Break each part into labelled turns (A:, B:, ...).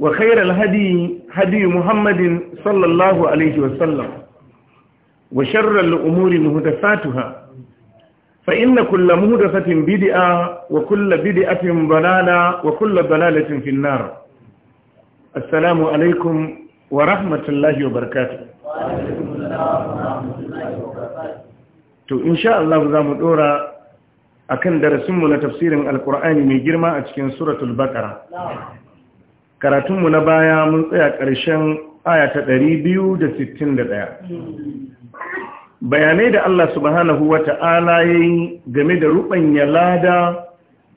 A: وخير الهدي هدي محمد صلى الله عليه وسلم وشر الأمور مهدفاتها فإن كل مهدفة بدئة وكل بدئة ضلالة وكل ضلالة في النار السلام عليكم ورحمة الله وبركاته to insha Allah za mu dora akan darasinmu na tafsirin alkur'ani mai girma a cikin suratul baqara karatunmu na baya mun tsaya ƙarshen aya ta ɗaya. bayanai da Allah subhanahu wa ta'ala ya yi game da ruɓanya lada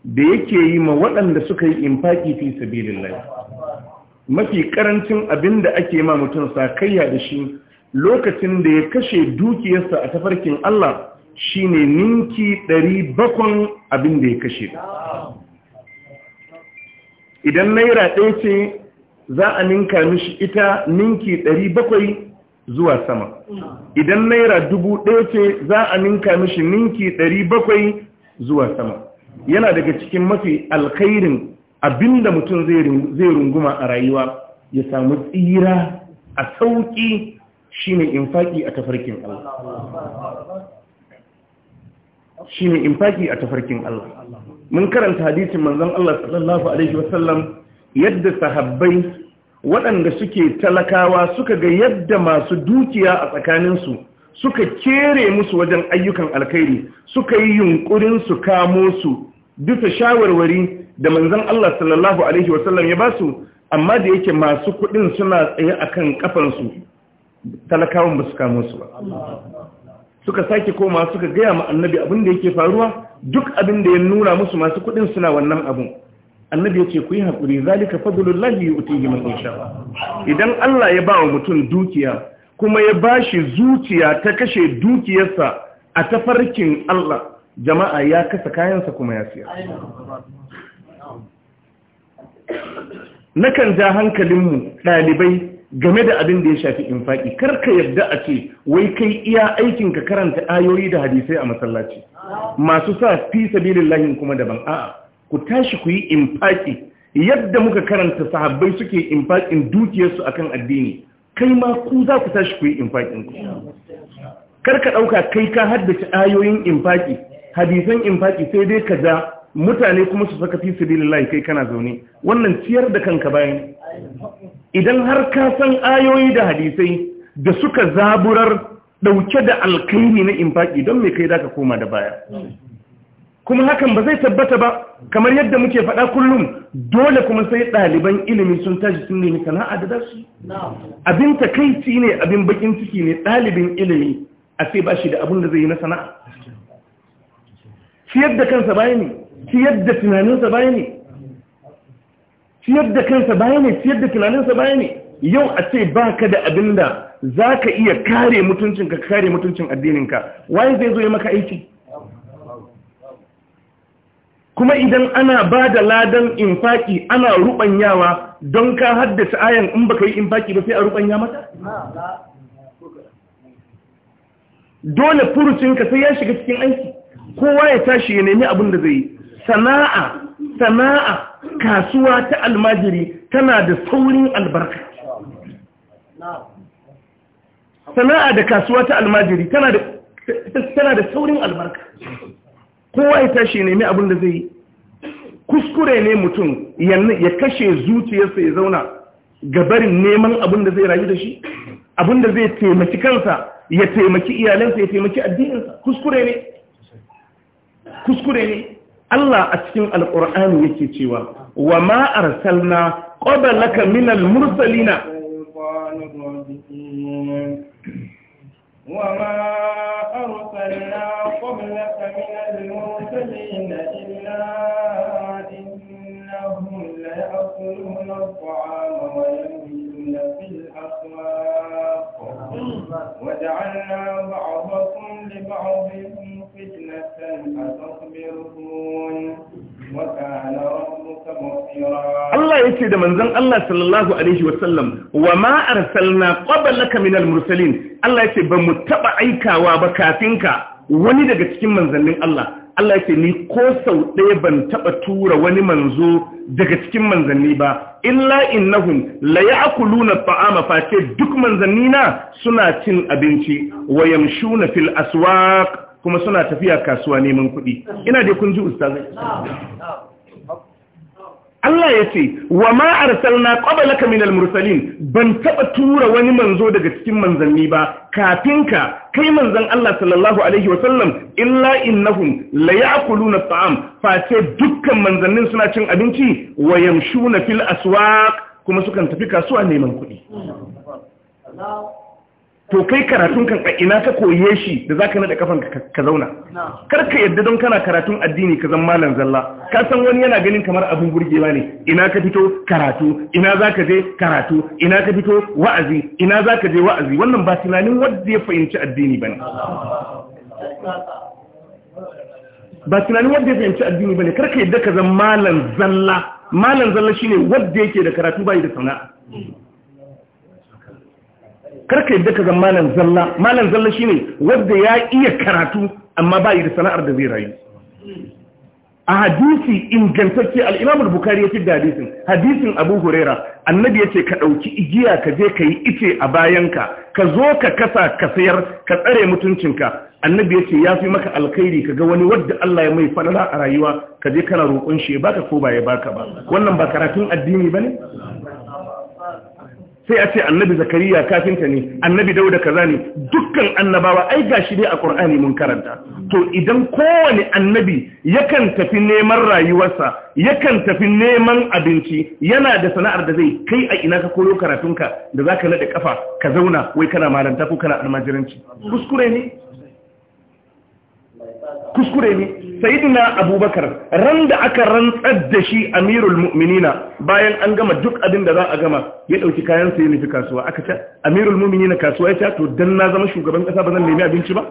A: da yake yi ma waɗanda suka yi infaƙi fi sabirin mafi ƙarancin abin da ake ma mutum sakayya da shi lokacin da ya kashe dukiyarsa a tafarkin Allah shi ne ninki ɗari bakon abin da ya kashe idan naira ɗaya ce za a ninka mishi ita ninki ɗari bakwai zuwa sama idan naira dubu ɗaya ce za a ninka mishi ninki ɗari bakwai zuwa sama yana daga cikin mafi alkhairin abinda mutum zai runguma a rayuwa ya samu tsira a sauƙi shine infaki a tafarkin a tafarkin Allah mun karanta hadisin manzon Allah sallallahu alaihi wasallam yadda sahabbai waɗanda suke talakawa suka ga yadda masu dukiya a tsakaninsu suka kere musu wajen ayyukan alkhairi suka yi yunkurin su kamo su duka shawarwari da manzon Allah sallallahu alaihi wasallam ya basu amma da yake masu kuɗin suna tsaye akan kafansu talakawan ba su kamo su ba suka sake koma suka gaya ma annabi abin da yake faruwa duk abin da ya nuna musu masu kuɗin suna wannan abun annabi ya ce ku yi haƙuri zalika fadlullahi yu'tihi man yasha idan Allah ya ba wa mutum dukiya kuma ya ba shi zuciya ta kashe dukiyarsa a tafarkin Allah jama'a ya kasa kayansa kuma ya siya nakan ja hankalinmu ɗalibai game da abin da ya shafi infaki ka yadda a ce wai kai iya aikin ka karanta ayoyi da hadisai a masallaci masu sa fi sabilillahi kuma daban a'a ku tashi ku yi infaki yadda muka karanta sahabbai suke infakin dukiyarsu akan addini kai ma ku za ku tashi ku yi infakin ku karka dauka kai ka haddace ayoyin infaki hadisan infaki sai dai ka ja mutane kuma su saka fi sabilillahi kai kana zaune wannan ciyar da kanka bayan idan har ka san ayoyi da hadisai da suka zaburar dauke da alkaini na infaki don mai kai zaka koma da baya kuma hakan ba zai tabbata ba kamar yadda muke faɗa kullum dole kuma sai ɗaliban ilimi sun tashi sun nemi sana'a da dasu abin takaici ne abin bakin ciki ne ɗalibin ilimi a sai ba shi da abin da zai yi na sana'a ciyar da kansa baya ne ciyar da tunaninsa baya ne ciyar da kansa baya ne ciyar da tunaninsa baya ne yau a ce ba ka da abin da za ka iya kare mutuncinka kare mutuncin addininka waye zai zo ya maka aiki kuma idan ana ba da ladan infaki ana rubanyawa don ka haddasa ayan in baka yi infaki ba sai a rubanya mata dole furucinka sai ya shiga cikin aiki kowa ya tashi ya nemi abin da zai yi. sana'a sana'a kasuwa ta almajiri tana da saurin albarka sana'a da kasuwa ta almajiri tana da saurin albarka kowa ya tashi nemi abin da zai kuskure ne mutum ya kashe zuciyarsa ya zauna gabarin neman abin da zai rayu da shi abin da zai taimaki kansa ya taimaki iyalansa ya taimaki addininsa kuskure ne kuskure ne Allah a cikin alƙur'ani yake cewa wa ma arsalna qablaka minal mursalina
B: وما أرسلنا قبلك من المرسلين إلا إنهم ليأكلون الطعام ويميلون في الأسواق وجعلنا بعضكم لبعضكم فتنة أتصبرون وكان ربك مغفرا
A: الله يسيد من ذن الله صلى الله عليه وسلم وما أرسلنا قبلك من المرسلين الله يسيد بمتبعيك وبكاتنك wani daga cikin manzannin Allah Allah yake ni ko sau ɗaya ban taɓa tura wani manzo daga cikin manzanni ba illa hun, la aku luna fa'ama face duk manzanni na suna cin abinci wa na fil kuma suna tafiya kasuwa neman kuɗi ina dai kun ji ustazai? Allah ya ce wa salna arsalna qablaka minal mursalin ban taɓa tura wani manzo daga cikin manzanni ba kafinka kai manzon Allah sallallahu alaihi illa innahum la ya'kuluna na fa face dukkan manzannin suna cin abinci wa na fil aswaq kuma sukan tafi kasuwa neman kuɗi to kai karatun kan ina ka koye shi da zaka nada kafan ka zauna kar ka yadda don kana karatun addini ka zama malam zalla ka san wani yana ganin kamar abun burgewa ne ina ka fito karatu ina zaka je karatu ina ka fito wa'azi ina zaka je wa'azi wannan ba tunanin wanda ya fahimci addini bane ba tunanin wanda ya fahimci addini bane kar ka yadda ka zama malam zalla malam zalla shine wanda yake da karatu bai da sana'a karka yadda ka zama malam zalla malam zalla shine wanda ya iya karatu amma ba yi da sana'ar da zai rayu a hadisi ingantacce al-Imam al-Bukhari yace da hadisin hadisin Abu Huraira annabi yace ka ɗauki igiya ka je ka yi ice a bayanka ka zo ka kasa ka sayar ka tsare mutuncinka annabi yace fi maka alkhairi ka ga wani wadda Allah ya mai falala a rayuwa ka je kana roƙon shi baka ko ba ya baka ba wannan ba karatun addini bane sai a ce annabi zakariya kafinta ne annabi dauda kaza ne dukkan annabawa ai gashi ne a qur'ani mun karanta to idan kowane annabi yakan tafi neman rayuwarsa yakan tafi neman abinci yana da sana'ar da zai kai a ina ka koyo karatunka da zaka nade kafa ka zauna wai kana malanta ko kana almajiranci kuskure ne kuskure ne Sayidina abubakar ran da aka rantsar da shi amirul mu'minina bayan an gama duk abin da za a gama ya dauki kayan sa ya nufi kasuwa aka ce amirul mu'minina kasuwa ya ce to dan na zama shugaban kasa ba zan nemi abinci ba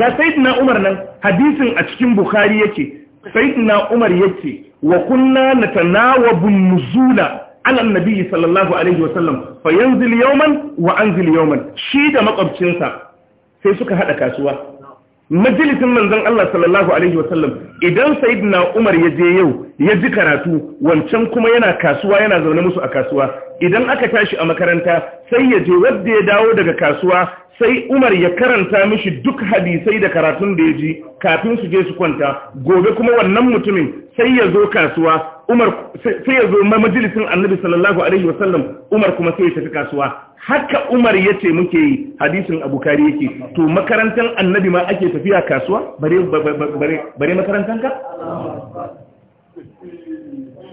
A: ga sayidina umar nan hadisin a cikin bukhari yake sayidina umar yake wa kunna natanawabu nuzula ala nabi sallallahu alaihi wasallam fa yanzil yawman wa anzil yawman shi da makwabcinsa sai suka hada kasuwa majalisin manzon Allah sallallahu alaihi wasallam idan sayyidina Umar ya je yau ya ji karatu wancan kuma yana kasuwa yana zaune musu a kasuwa idan aka tashi a makaranta sai ya je wanda ya dawo daga kasuwa sai Umar ya karanta mishi duk hadisai da karatun da ya ji kafin su je su kwanta gobe kuma wannan mutumin sai ya zo kasuwa Umar sai ya zo majalisin Annabi sallallahu alaihi wasallam Umar kuma sai ya tafi kasuwa haka Umar yace muke yi hadisin Abu Kari yake to makarantan Annabi ma ake tafiya kasuwa bare bare bare ka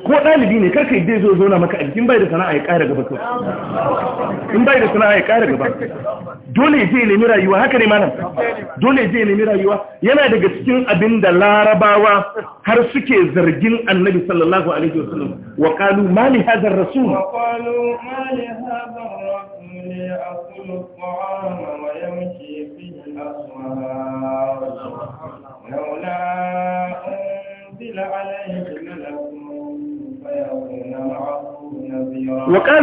A: ko ɗalibi ne karka yadda zo zauna maka aiki in bai da sana'a ya ƙara gaba kawai in bai da sana'a ya ƙara gaba dole je nemi rayuwa haka ne malam dole je nemi rayuwa yana daga cikin abin da larabawa har suke zargin annabi sallallahu alaihi wasallam wa qalu ma li hadha ar-rasul wa
B: qalu ma li hadha ar-rasul ya'kulu at-ta'ama wa yamshi fi al-aswaq laula unzila alayhi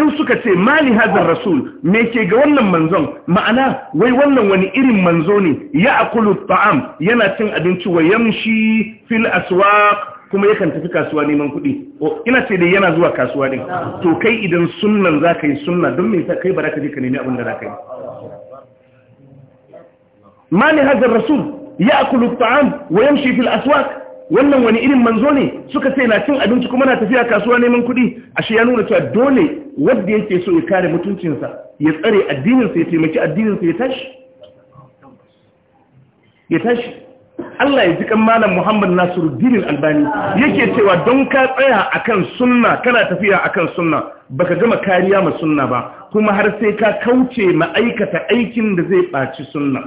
A: wa suka ce mali Hazar rasul me ke ga wannan manzon ma'ana wai wannan wani irin manzo ne ya akulu ta'am yana cin abinci wa yamshi fil aswaq kuma yakan tafi kasuwa neman kuɗi ina ce dai yana zuwa kasuwa din to kai idan sunnan za ka yi sunna don me kai ba za ka je ka nemi abin da za yi mali Hazar rasul ya akulu ta'am wa yamshi fil aswaq wannan wani irin manzo ne suka ce na cin abinci kuma na tafiya kasuwa neman kuɗi ashe ya nuna cewa dole wanda yake so ya kare mutuncinsa ya tsare addininsa ya taimaki addininsa ya tashi ya tashi Allah ya ji kan malam Muhammad Nasiruddin Albani yake cewa don ka tsaya akan sunna kana tafiya akan sunna baka gama kariya ma sunna ba kuma har sai ka kauce ma'aikata aikin da zai ɓaci sunna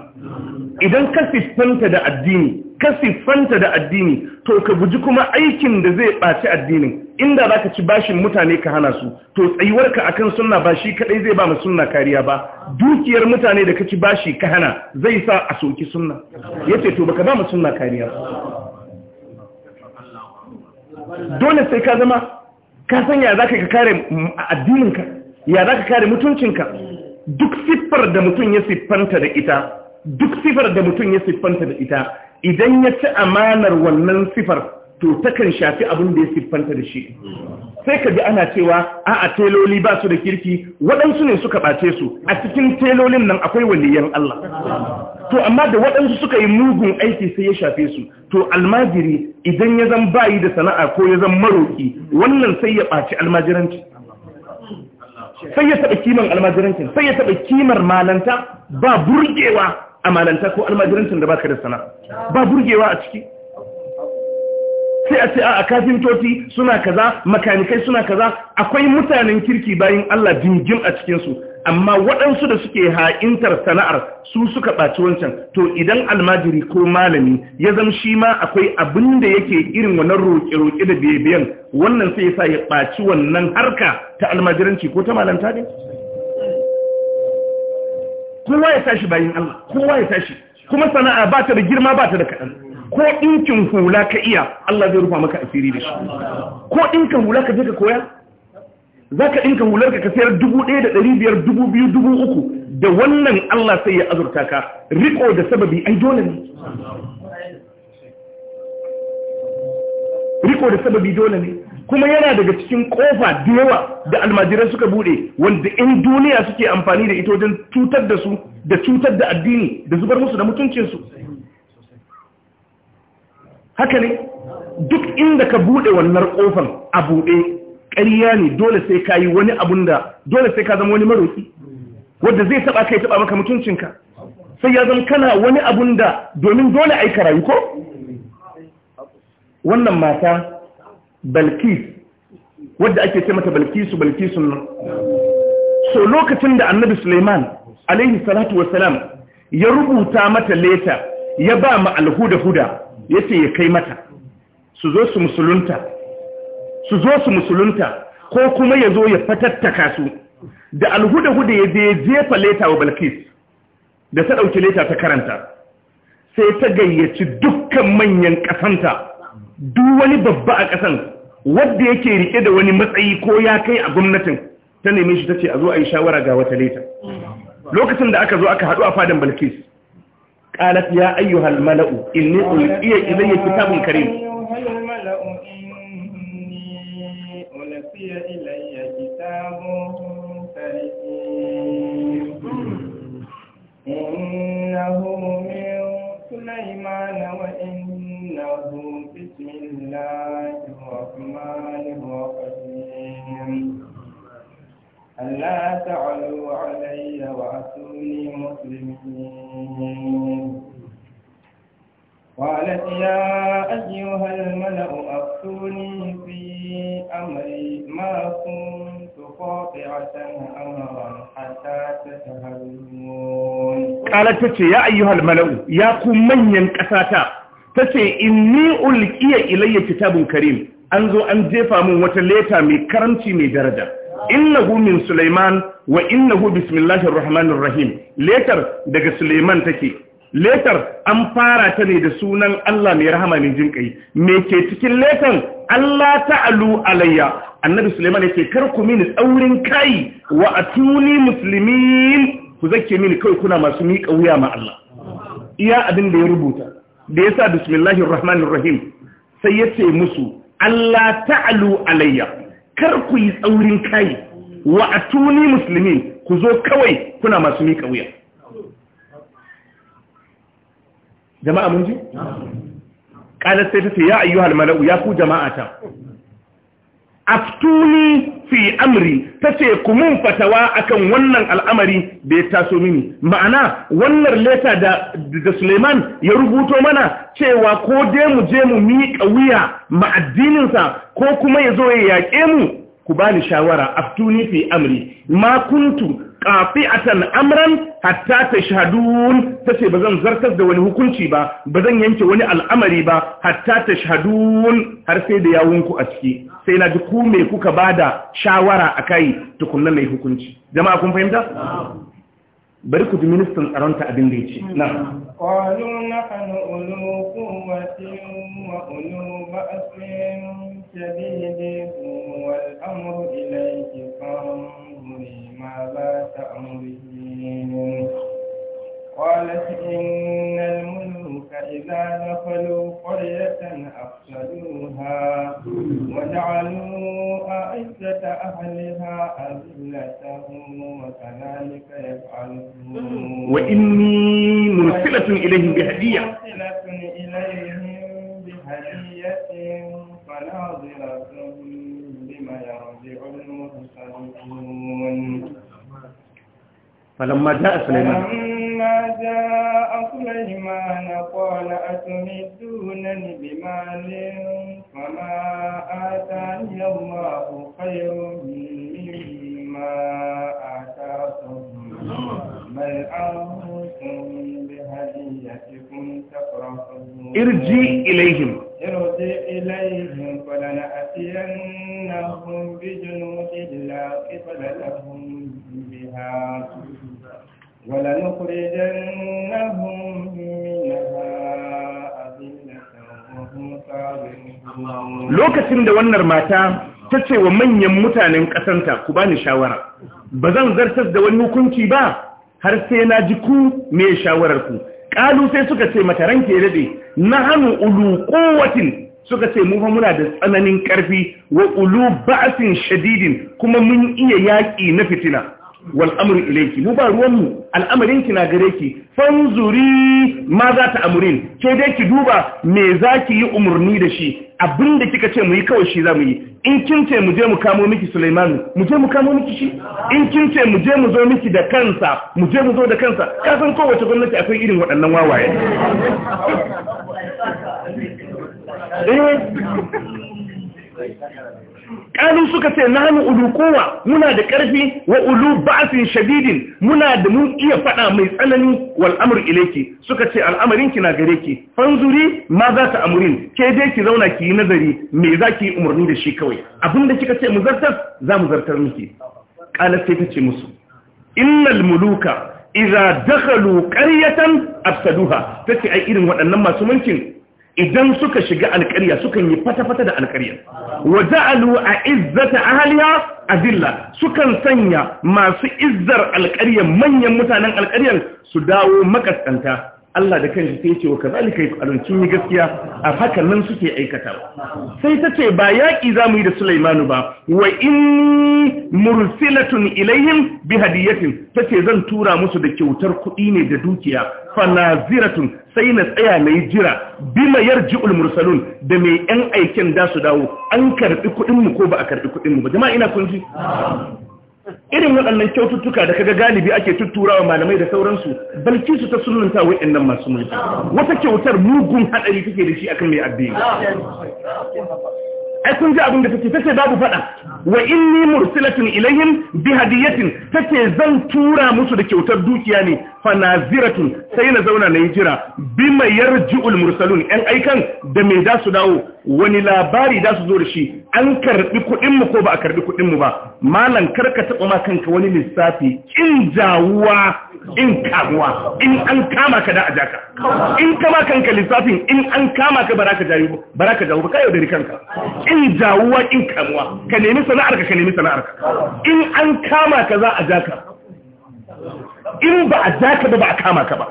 A: idan ka siffanta da addini ka siffanta da addini to ka guji kuma aikin da zai ɓaci addinin inda za ka ci bashin mutane ka hana su to tsayuwarka akan sunna ba shi kaɗai zai ba ma sunna kariya ba dukiyar mutane da ka ci bashi ka hana zai sa a soki sunna ya ce to baka ba ma sunna kariya dole sai ka zama ka sanya za ka kare addininka ya za ka kare mutuncinka duk siffar da mutum ya siffanta da ita duk siffar da mutum ya siffanta da ita idan ya ci amanar wannan siffar to takan shafi abin da ya siffanta da shi sai ka bi ana cewa a a teloli ba su da kirki waɗansu ne suka ɓace su a cikin telolin nan akwai waliyan Allah to amma da waɗansu suka yi mugun aiki sai ya shafe su to almajiri idan ya zan bayi da sana'a ko ya zan maroki wannan sai ya ɓaci almajiranci sai ya taɓa kimar almajirancin sai ya taɓa kimar malanta ba burgewa a malanta ko almajirancin da ba ka da sana ba burgewa a ciki sai a ce a kafintoci suna kaza makanikai suna kaza akwai mutanen kirki bayan Allah dingim a cikinsu amma waɗansu da suke ha'intar sana'ar su suka ɓaci wancan to idan almajiri ko malami ya zama shi ma akwai abin da yake irin wannan roƙe-roƙe da biye wannan sai sa ya ɓaci wannan harka ta almajiranci ko ta malanta ne kowa ya tashi bayan Allah kowa ya tashi kuma sana'a ba ta da girma ba ta da kaɗan ko ɗinkin hula ka iya Allah zai rufa maka asiri da shi ko ɗinkin hula ka je ka koya za ka ɗinka hularka ka sayar dubu ɗaya da ɗari biyar dubu biyu dubu uku da wannan Allah sai ya azurta ka riko da sababi ai dole ne riko da sababi dole ne kuma yana daga cikin kofa da yawa da almajirai suka bude wanda in duniya suke amfani da ita wajen cutar da su da cutar da addini da zubar musu da mutuncinsu haka ne duk inda ka bude wannan kofan a bude ƙarya ne dole sai ka yi wani abun da dole sai ka zama wani maroki wadda zai taba kai taba maka mutuncinka sai ya zama kana wani abun da domin dole a yi rayu ko wannan mata balkis wadda ake ce mata balkisu balkisun nan so lokacin da annabi suleiman alaihi salatu Wasalam ya rubuta mata leta ya ba ma alhuda huda ya ce ya kai mata su zo su musulunta su zo su musulunta ko kuma ya zo ya fatattaka su da alhuda-huda ya je jefa leta wa balkis da ta ɗauki leta ta karanta sai ta gayyaci dukkan manyan ƙasanta duk wani babba a ƙasan wadda yake rike da wani matsayi ko ya kai a gwamnatin ta neme shi ta ce a zo a yi shawara ga wata leta lokacin da aka zo aka haɗu a fadin balkis ƙalat ya ayyuhal mala'u inni ulqiya ilayya kitabun karim
B: أوحي إلي كتاب سليم إنه من سليمان وإنه بسم الله الرحمن الرحيم ألا تعلوا علي وأتوني مسلمين قالت يا أيها الملأ أفتوني كنت قاطعة أمرا حتى تتهلون
A: قالت تتي يا أيها الملأ يا كمين كساتا تتي إني ألقي إلي كتاب كريم أنزو أنجفا من وتليتا من كرمتي من درجة innahu min Sulaiman wa innahu bismillahir rahmanir rahim letar daga Sulaiman take letar an fara ta ne da sunan Allah mai rahama mai jin kai me ke cikin letar Allah ta'alu alayya annabi suleiman yake karku ku mini tsaurin kai wa atuni muslimin ku zake mini kai kuna masu miƙa wuya ma Allah iya abin da ya rubuta da yasa bismillahir rahmanir rahim sai yace musu Allah ta'alu alayya kar ku yi tsaurin kai wa atuni muslimin ku zo kawai kuna masu miƙa wuya jama'a mun ji qalat sai ce ya ayyuhal mala'u ya ku jama'ata aftuni fi amri tace ku mun fatawa akan wannan al'amari da ya taso mini ma'ana wannan leta da da Suleiman ya rubuto mana cewa ko dai mu je mu miƙa wuya ma addinin sa ko kuma yazo ya yaƙe mu ku bani shawara aftuni fi amri ma kuntu qati'atan amran hatta tashhadun tace bazan zartar da wani hukunci ba bazan yanke wani al'amari ba hatta tashhadun har sai da yawunku a ciki sai na ji ku me kuka bada shawara akai tukunna mai hukunci jama'a kun fahimta bari ku ji ministan tsaron ta abin da yace na
B: qalu nahnu ulu quwwatin wa ulu ba'sin shadidin wal amru ilayka ما لا تأمرين قالت إن الملوك إذا دخلوا قرية أفسدوها وجعلوا أعزة أهلها أذلتهم وكذلك يفعلون وإني مرسلة إليهم بهدية مرسلة إليهم بهدية وناظرة بما يرجع المرسلون فلما جاء سليمان فلما جاء سليمان قال أتمدونني بمال فما آتاني الله خير مما آتاكم بل أنتم بهديتكم تفرحون ارجي إليهم ارجع إليهم فلنأتينهم بجنود لا قبل لهم بها ولنخرجنهم منها أذلة وهم صابرون
A: ta ce wa manyan mutanen ƙasanta ku bani shawara ba zan zartas da wani hukunci ba har sai na ji ku me shawararku kalu sai suka ce ke daɗe na hannu ulu ƙowacin suka ce mufa muna da tsananin ƙarfi wa ulu ba'asin shadidin kuma mun iya yaƙi na fitina wal amru mu ba ruwan mu al'amarin ki na gare ki fanzuri ma za ta amurin ke dai ki duba me za ki yi umarni da shi abinda kika ce mu yi kawai shi za mu yi in kin ce mu je mu kamo miki Sulaimanu mu je mu kamo miki shi in kin ce mu je mu zo miki da kansa mu je mu zo da kansa ka san kowace gwamnati akwai irin waɗannan wawaye eh Ƙalu suka ce nahnu ulu kowa muna da karfi wa ulu ba'asin shadidin muna da mun iya faɗa mai tsanani wal amru suka ce al'amarin ki na gare ki fanzuri ma za ta amurin ke dai ki zauna ki yi nazari me za ki umarni da shi kawai abinda kika ce mu zartar za mu zartar miki kala sai ta ce musu innal muluka idza dakhalu qaryatan afsaduha tace ai irin waɗannan masu mulkin idan suka shiga alƙarya sukan yi fata-fata da alƙarya wa za'alu a izzata ahliha azilla sukan sanya masu izzar alƙarya manyan mutanen alƙaryar su dawo makaskanta Allah da kanshi sai ce wa kazalika yaqulun kin yi gaskiya a hakan nan suke aikata sai ta ce ba yaki zamu yi da Sulaimanu ba wa inni mursilatun ilayhim bi hadiyatin tace zan tura musu da kyautar kuɗi ne da dukiya fanaziratun sai na tsaya nayi jira bima yarji'ul mursalun da mai yan aikin da su dawo an karbi kuɗinmu mu ko ba a karbi kuɗin mu ba jama'a ina kun ji irin waɗannan kyaututtuka da kaga galibi ake tutturawa malamai da sauransu balki su ta sunanta waɗannan masu mulki wata kyautar mugun haɗari take da shi akan mai addini ai kun ji abin da take tace babu fada wa inni mursilatun ilayhim bi hadiyatin tace zan tura musu da kyautar dukiya ne fa naziratun sai na zauna na jira bima yarji'ul mursalun yan aikan da me da su dawo wani labari da su zo da shi an karbi kuɗin mu ko ba a karbi kuɗin mu ba malan karka taba ma kanka wani lissafi kin jawuwa in kamuwa in an kama ka da a jaka in kama kanka lissafin in an kama ka baraka jawo baraka jawo ba kayo dari kanka in jawuwa in kamuwa ka nemi sana'arka ka nemi sana'arka in an kama ka za a jaka in ba a jaka ba ba a kama ka ba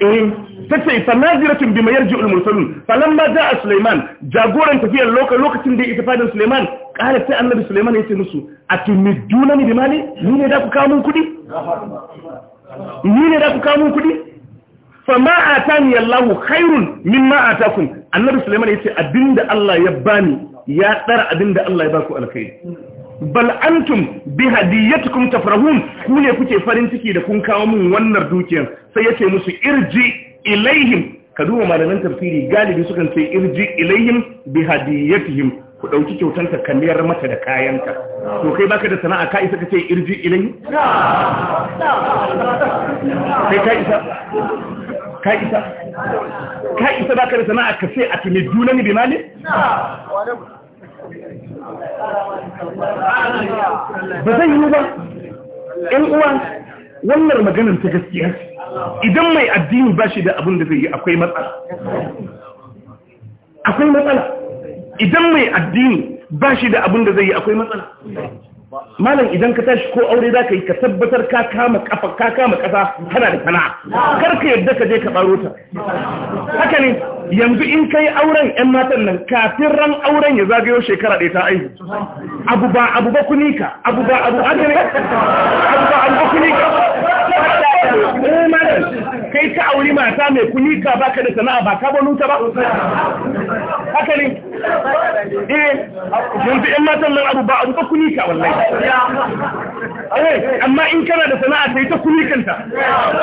A: eh tace fa naziratun bima yarji'u al-mursalun falamma ja'a Sulaiman jagoran tafiyar lokacin da ya fadin Sulaiman kala sai annabi Sulaiman yace musu atumiduna ni bimali ni ne da ku kawo mun kudi ni ne da ku kawo mun kudi fama atani Allahu khairun mimma atakum annabi Sulaiman yace abinda Allah ya bani ya tsara abinda Allah ya baku alkhairi bal antum bi hadiyatikum tafrahun ku ne kuke farin ciki da kun kawo mun wannan dukiyar sai yace musu irji ilaihim ka duba malaman tafsiri galibi sukan ce irji ilaihim bi hadiyatihim ku dauki kyautanka ka mayar mata da kayanka to kai baka da sana'a ka isa ka ce irji ilaihim kai ka isa ka isa ka isa baka da sana'a ka sai a tuni dunani bi mali
C: ba zai yi ba in uwa
A: wannan maganar ta gaskiya idan mai addini ba shi da abin da zai yi akwai matsala akwai matsala idan mai addini ba shi da abin da zai yi akwai matsala malam idan ka tashi ko aure za ka yi ka tabbatar ka kama kafa ka kama kasa kana da sana'a kar ka yadda ka je ka baro ta haka ne yanzu in ka yi auren yan matan nan kafin ran auren ya zagayo shekara ɗaya ta aihu abu ba abu ba kunika abu ba abu haka ne abu ba abu ba kunika eh kai ka auri mata mai kunika ka da sana'a ba ka bonu ta ba haka ne eh yanzu ɗan matan nan abu ba abu ba kunika wallahi eh amma in kana da sana'a sai ta kanta,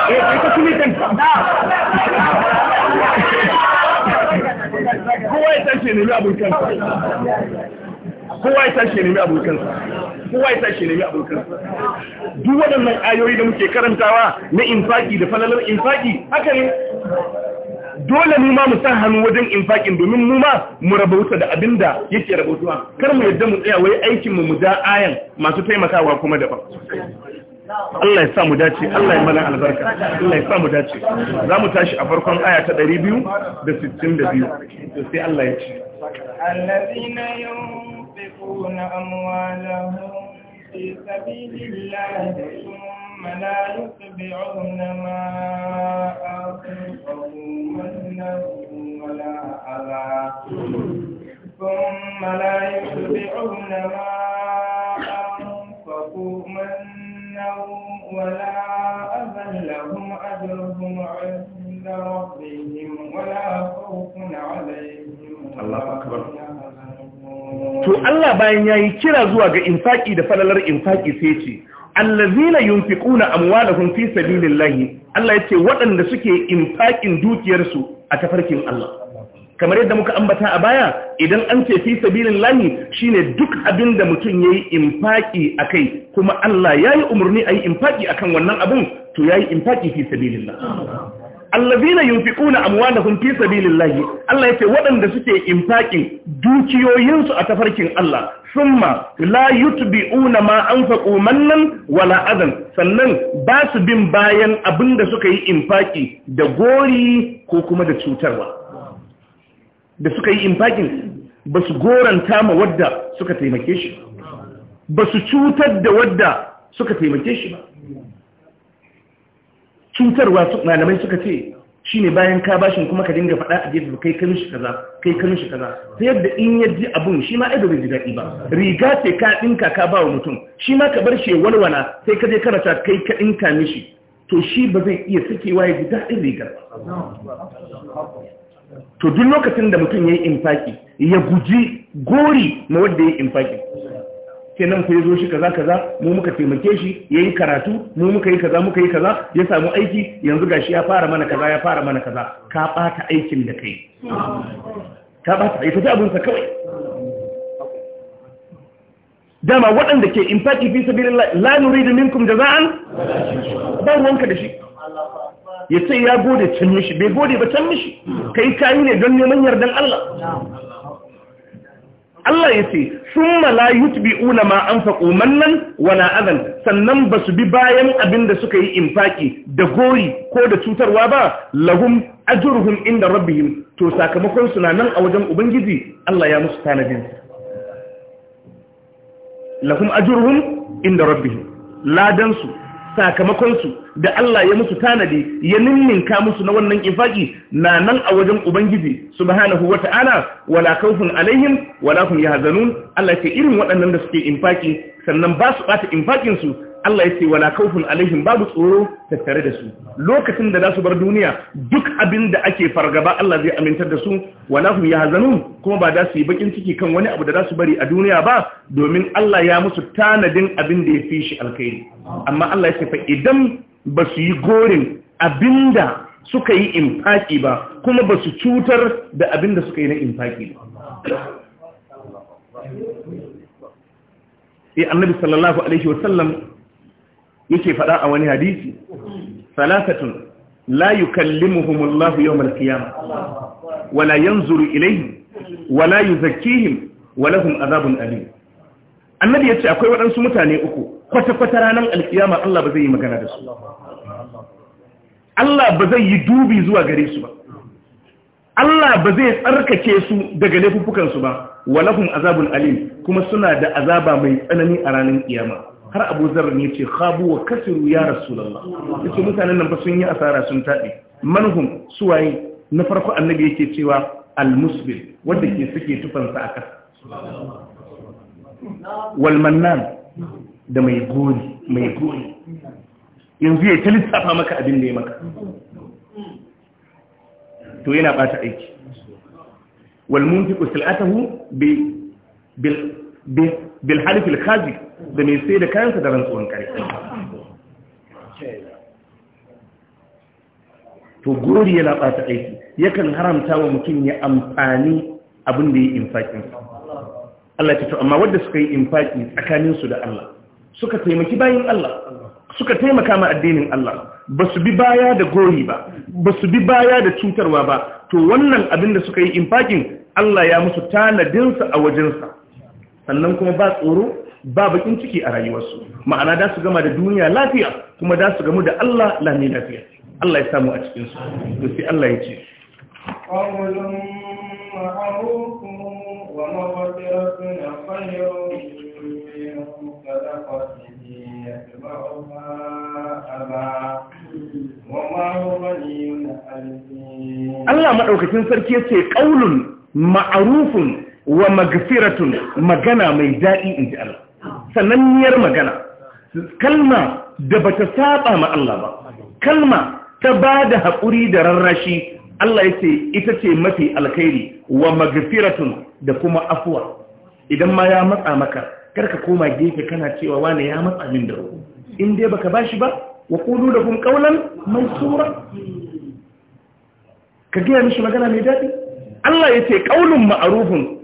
A: eh sai ta kanta. kowa ya tashi nemi abokansa kowa ya tashi nemi abokansa kowa ya tashi nemi abokan duk waɗannan ayoyi da muke karantawa na infaki da falalar infaki haka ne dole mu ma mu san hannu wajen infakin domin mu ma mu rabauta da abin da yake rabautuwa kar mu yadda mu tsaya wai aikin mu mu da ayan masu taimakawa kuma daban
C: Allah ya sa mu dace
A: Allah ya mana albarka Allah ya sa mu dace za mu tashi a farkon aya ta 262 biyu. sai Allah ya ce
B: الذين ينفقون أموالهم في سبيل الله ثم لا يتبعون ما أنفقوا منا ولا أذى ثم لا يتبعون ما أنفقوا منا ولا أذى لهم أجرهم عند ربهم ولا خوف عليهم الله أكبر to Allah
A: bayan yayi kira zuwa ga infaki da falalar infaki sai ce allazina yunfiquna amwalahum fi sabilillahi Allah yace waɗanda suke infakin dukiyarsu a tafarkin Allah kamar yadda muka ambata a baya idan an ce fi sabilillahi shine duk abin da mutum yayi infaki akai kuma Allah yayi umurni ayi infaki akan wannan abun to yayi infaki fi sabilillah allazina yunfiquna amwalahum fi sabilillahi Allah yace waɗanda suke infakin dukiyoyin su a tafarkin Allah summa la yutbi'una ma anfaqu mannan wala adan sannan ba su bin bayan abinda suka yi infaki da gori ko kuma da cutarwa da suka yi infakin ba su goranta ma wadda suka taimake shi ba su cutar da wadda suka taimake shi ba cutarwa su malamai suka ce shi ne bayan ka bashin kuma ka dinga faɗa a gefe kai kanin shi kaza kai kanin shi kaza ta yadda in yaji abun shi ma ido bai ji daɗi ba riga ce ka ɗinka ka ba wa mutum shi ma ka bar shi walwala, sai ka je karata kai ka ɗinka mishi to shi ba zai iya sakewa ya ji daɗin rigar to duk lokacin da mutum ya yi infaki ya guji gori ma wanda ya yi infaki ke nan ku yi zo shi kaza kaza mu muka taimake shi ya yi karatu mu muka yi kaza muka yi kaza ya samu aiki yanzu gashi ya fara mana kaza ya fara mana kaza ka ɓata aikin da kai ka ɓata aiki ta abinsa kawai dama waɗanda ke in faɗi fi sabi la nuridu minkum jaza'an ba ruwanka da shi ya ce ya gode can mishi bai gode ba can mishi kai kayi ne don neman yardan Allah Allah ya ce sun mala una ma an faƙo mannan wala azan sannan ba su bi bayan abin da suka yi infaki da gori ko da cutarwa ba lahum ajurhum inda rabbihim to sakamakon suna nan a wajen ubangiji Allah ya musu tanadin lahum ajurhum inda rabbihim ladansu, sakamakonsu da Allah ya musu tanadi ya ninninka musu na wannan ifaki na nan a wajen Ubangiji subhanahu wata'ala wala kaufin alaihim wala hum yahzanun Allah ke irin waɗannan da suke infaki sannan ba su bata infakin su Allah ya ce wala kaufun alaihim babu tsoro tattare da su lokacin da za su bar duniya duk abin da ake fargaba Allah zai amintar da su wala hum yahzanun kuma ba za su yi bakin ciki kan wani abu da za su bari a duniya ba domin Allah ya musu tanadin abin da ya fi shi alkhairi amma Allah ya ce fa idan ba su yi gorin abinda suka yi infaki ba kuma ba su cutar da abinda suka yi na infaki ba sai annabi sallallahu alaihi sallam. yake faɗa a wani hadisi salasatun la yukallimuhumullahu yawmal qiyamah wala yanzuru ilayhim wala yuzakkihim walahum azabun alim annabi yace akwai waɗansu mutane uku kwata kwata ranar alkiyama Allah ba zai yi magana da su Allah ba zai yi dubi zuwa gare su ba Allah ba zai tsarkake su daga laifukan su ba walahum azabun alim kuma suna da azaba mai tsanani a ranar kiyama har abu zarar ne ce khabu wa kasiru ya rasulallah yace mutanen nan ba sun yi asara sun taɗe manhum suwaye na farko annabi yake cewa al almusbil wanda ke suke tufansa a kasa wal mannan da mai gori mai gori yanzu ya ta lissafa maka abin da ya maka to yana bata aiki wal munfiqu silatahu bi bil bil harfi al khazi da mai sai da kayansa da rantsuwan ƙarfi to gori yana ɓata aiki yakan haramta wa mutum ya amfani abin da ya yi infakin Allah ta to amma wadda suka yi infaki tsakaninsu da Allah suka taimaki bayan Allah suka taimaka ma addinin Allah ba su bi baya da gori ba ba su bi baya da cutarwa ba to wannan abin da suka yi infakin Allah ya musu tanadinsa a wajensa sannan kuma ba tsoro ba bakin ciki a rayuwarsu ma'ana da su gama da duniya lafiya kuma da su gamu da Allah lami lafiya Allah ya samu a cikin su to sai Allah ya ce
B: Allah maɗaukacin sarki
A: ce ƙaunun ma'arufun wa magfiratun magana mai daɗi in ji Allah. sananniyar magana kalma da bata saba ma Allah ba kalma ta ba da haƙuri da rarrashi Allah ya ce ita ce mafi alkhairi wa magfiratun da kuma afuwa idan ma ya matsa maka karka koma gefe kana cewa wane ya matsa min da roƙo in dai baka bashi ba wa qulu lahum qawlan mansura ka gaya mishi magana mai daɗi Allah ya ce qaulun ma'arufin.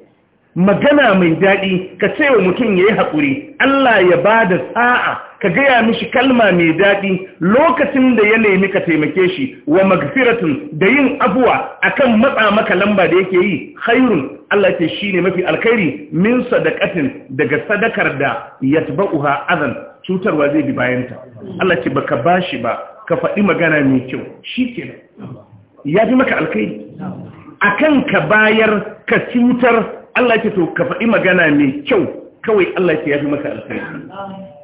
A: magana mai daɗi ka ce wa mutum ya yi haƙuri Allah ya ba da sa'a ka gaya mishi kalma mai daɗi lokacin da ya nemi ka taimake shi wa magfiratun da yin abuwa akan matsa maka lamba da yake yi hairun Allah ce shi ne mafi alkhairi min sadakatin daga sadakar da yatba'uha azan cutarwa zai bi bayanta Allah ce baka ka ba ka faɗi magana mai kyau shi ke ya fi maka alkhairi akan ka bayar ka cutar Allah ya ce to ka faɗi magana mai kyau kawai Allah ya ce yafi maka alkhairi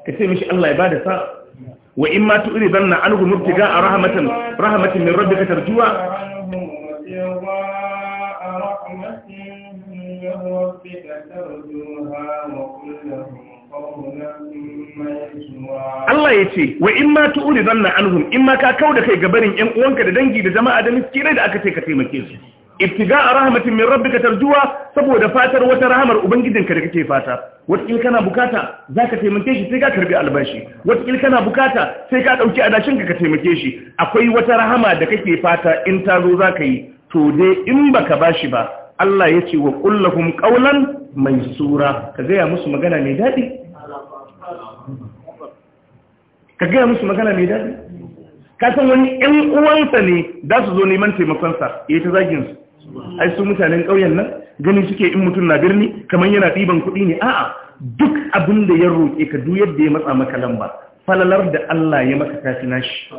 A: ka ce mishi Allah ya bada sa wa in ma zan tu'ridanna anhu a rahmatan rahmatan min rabbika tarjuwa
B: Allah ya ce
A: wa in ma zan tu'ridanna anhum in ma ka kauda kai gabarin ƴan uwanka da dangi da jama'a da miskirai da aka ce ka taimake su ibtiga a rahmatin min rabbika tarjuwa saboda fatar wata rahamar ubangijinka da kake fata wataƙil kana bukata za ka taimake shi sai ka karbi albashi wataƙil kana bukata sai ka ɗauki adashinka ka taimake shi akwai wata rahama da kake fata in ta zo za ka yi to dai in baka bashi ba Allah ya ce wa kullahum qawlan maysura ka gaya musu magana mai daɗi ka gaya musu magana mai daɗi ka san wani 'yan uwansa ne za su zo neman taimakonsa ya yi ta zagin su ai su mutanen ƙauyen nan ganin suke in mutum na birni kamar yana ɗiban kuɗi ne a'a duk abin da ya roƙe ka duk yadda ya matsa maka lamba falalar da Allah ya maka tafi nashi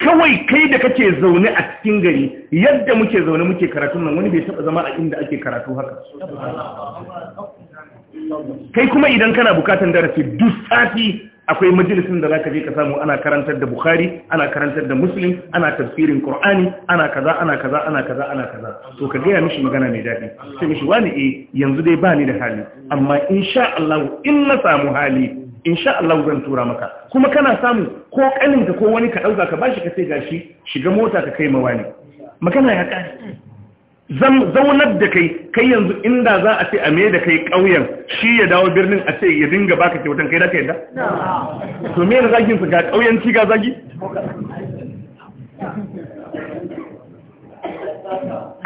A: kawai kai da kake zaune a cikin gari yadda muke zaune muke karatun nan wani bai taɓa zama a inda ake karatu haka kai kuma idan kana bukatan darasi duk safi akwai majalisun da zaka je ka samu ana karantar da bukhari ana karantar da muslim ana tafsirin qur'ani ana kaza ana kaza ana kaza ana kaza to ka gaya mishi magana mai daɗi sai mishi wani eh yanzu dai bani da hali amma insha Allah in na samu hali insha Allah zan tura maka kuma kana samu ko ka ko wani ka dauka ka bashi ka sai gashi shiga mota ka kai mawani magana ya kare zaunar da kai kai yanzu inda za a ce a me da kai ƙauyen shi ya dawo birnin a ce ya dinga baka kyautan kai da ka yadda? to da zagin su ga ƙauyen ci ga zagi?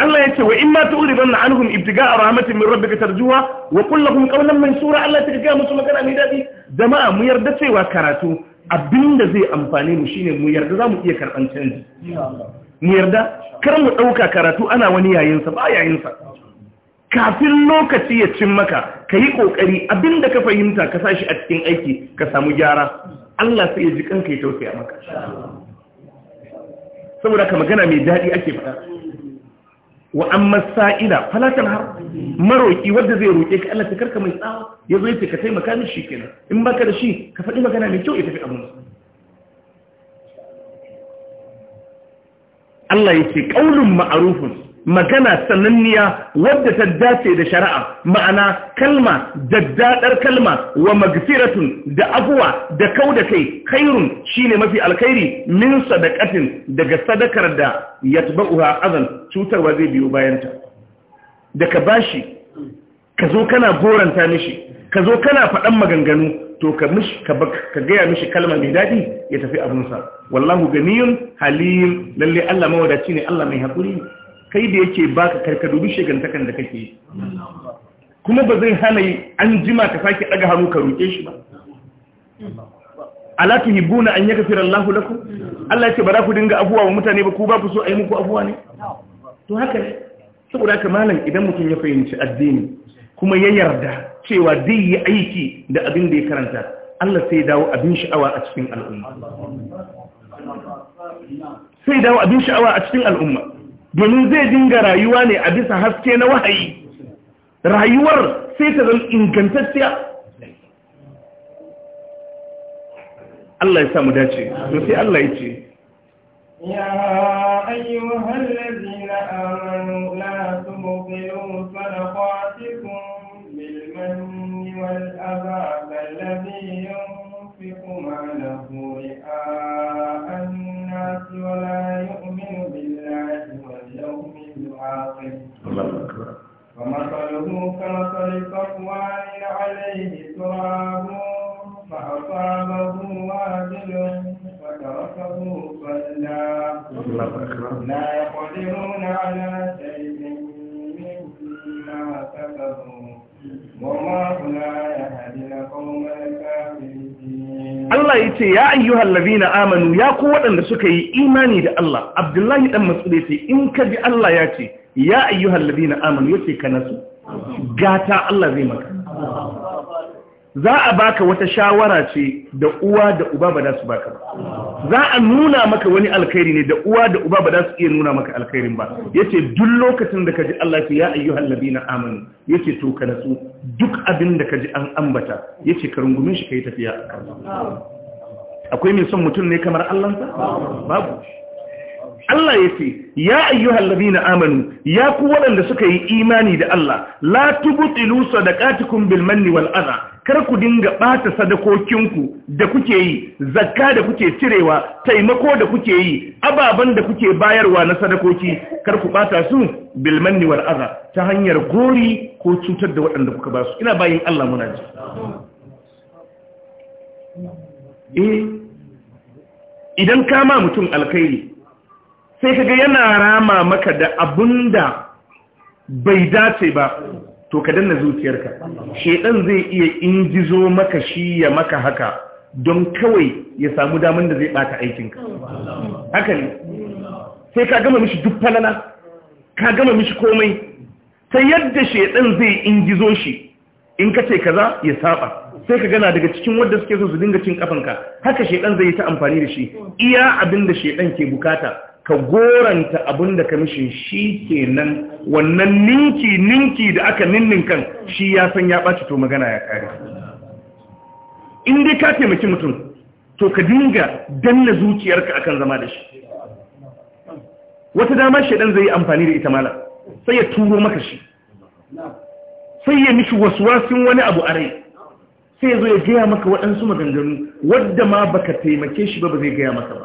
A: Allah ya ce wa in ma tu'ridan na ibtiga a rahmatin min ka tarjuwa, wa qul lahum qawlan mansura Allah ta ga musu magana mai daɗi. jama'a mu yarda cewa karatu abinda zai amfane mu shine mu yarda za mu iya karban canji mu yarda kar mu ɗauka karatu ana wani yayinsa ba yayinsa kafin lokaci ya cin maka ka yi ƙoƙari abinda ka fahimta ka sa shi a cikin aiki ka samu gyara Allah sai ya ji kanka ya tausaya maka saboda ka magana mai daɗi ake faɗa wa amma sa'ila falatan har maroki wanda zai roƙe ka Allah ta karka mai tsawa ya zo ya ka taimaka mishi kenan in baka da shi ka faɗi magana mai kyau ya tafi abin Allah yake kaulun ma'arufin magana sananniya wadda ta dace da shari'a ma'ana kalma daddadar kalma wa magfiratun da afuwa da kau da kai khairun shine mafi alkhairi min sadaqatin daga sadakar da yatba'uha azan cutarwa zai biyo bayanta da ka bashi ka zo kana goranta mishi ka zo kana faɗan maganganu to ka mish ka gaya mishi kalma mai daɗi ya tafi sa. wallahu ganiyun halim lalle Allah mawadaci ne Allah mai hakuri kai da yake baka karka dubi shegantakan da kake yi kuma ba zai hana an jima ka sake daga hannu ka ruke shi ba ala hibuna an yaghfira Allahu lakum Allah yake bara ku dinga abuwa wa mutane ba ku ba ku so ayi muku abuwa ne to haka ne saboda ka malam idan mutum ya fahimci addini kuma ya yarda cewa zai yi aiki da abin da ya karanta Allah sai dawo abin sha'awa a cikin al'umma sai dawo abin sha'awa a cikin al'umma domin zai dinga rayuwa ne a bisa haske na wahayi rayuwar sai ta zama ingantacciya Allah ya samu dace to sai Allah ya ce
B: ya ayyuhal ladina amanu la tubtilu sadaqatikum الأبعث الذي ينفق ماله رئاء الناس ولا يؤمن بالله واليوم الآخر ومثله كمثل صفوان عليه تراب فأصابه وابل وتركه صلى لا يقدرون على شيء مما كسبوا
A: Allah ya ce, Ya ayyuhal Labina amanu ya ku waɗanda suka yi imani da Allah, Abdullahi ɗan Matsuɗe ce, in ka ji Allah ya ce, Ya ayyuhal Labina amanu ya ce ka nasu, gata Allah zai maka. Za a baka wata shawara ce da uwa da uba ba da su baka
C: ba.
A: za a nuna maka wani alkhairi ne da uwa da uba ba za su iya nuna maka alkhairin ba yace duk lokacin da kaji Allah ya ce ya ayyuhal ladina amanu yace to ka natsu duk abin da kaji an ambata yace ka rungume shi kai tafiya akwai mai son mutum ne kamar Allah babu Allah ya ce, Ya ayyuhal ladina amanu, ya ku waɗanda suka yi imani da Allah, la tubutilu sadaqatikum bil manni wal adha kar ku dinga ɓata sadakokinku da kuke yi zakka da kuke cirewa taimako da kuke yi ababan da kuke bayarwa na sadakoki kar ku ɓata su manni wal aza ta hanyar gori ko cutar da waɗanda kuka ba su ina bayin Allah muna ji eh idan ka ma mutum alkhairi sai kaga yana rama maka da abunda bai dace ba to ka danna zuciyarka shedan zai iya ingizo maka shi ya maka haka don kawai ya samu daman da zai bata aikinka haka ne sai ka gama mishi duk falala ka gama mishi komai ta yadda shedan zai ingizo shi in ka ce kaza ya saba sai ka gana daga cikin wanda suke so su dinga cin kafanka haka shedan zai yi ta amfani da shi iya abin da shedan ke bukata ka goranta abin da ka shi shi nan wannan ninki ninki da aka ninnin kan shi ya san ya ɓaci to magana ya kare in dai ka taimaki mutum to ka dinga danna zuciyarka akan zama da shi wata dama ɗan zai yi amfani da ita mala sai ya turo maka shi sai ya mishi wasu wasin wani abu a rai sai ya zo ya gaya maka waɗansu maganganu wadda ma baka taimake shi ba ba zai gaya maka ba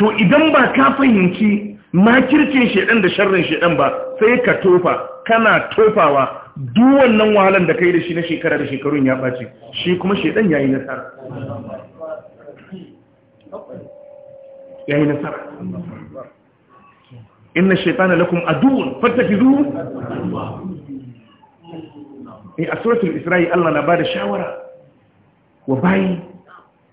A: to idan ba ka fahimci makircin shedan da sharrin shedan ba sai ka tofa kana tofawa duwan nan wahalan da kai da shi na shekara da shekarun ya ɓace. shi kuma shedan yayi nasara yayi nasara inna shaytana lakum aduwwun fattakizuhu eh a suratul isra'i Allah na bada shawara wa bayi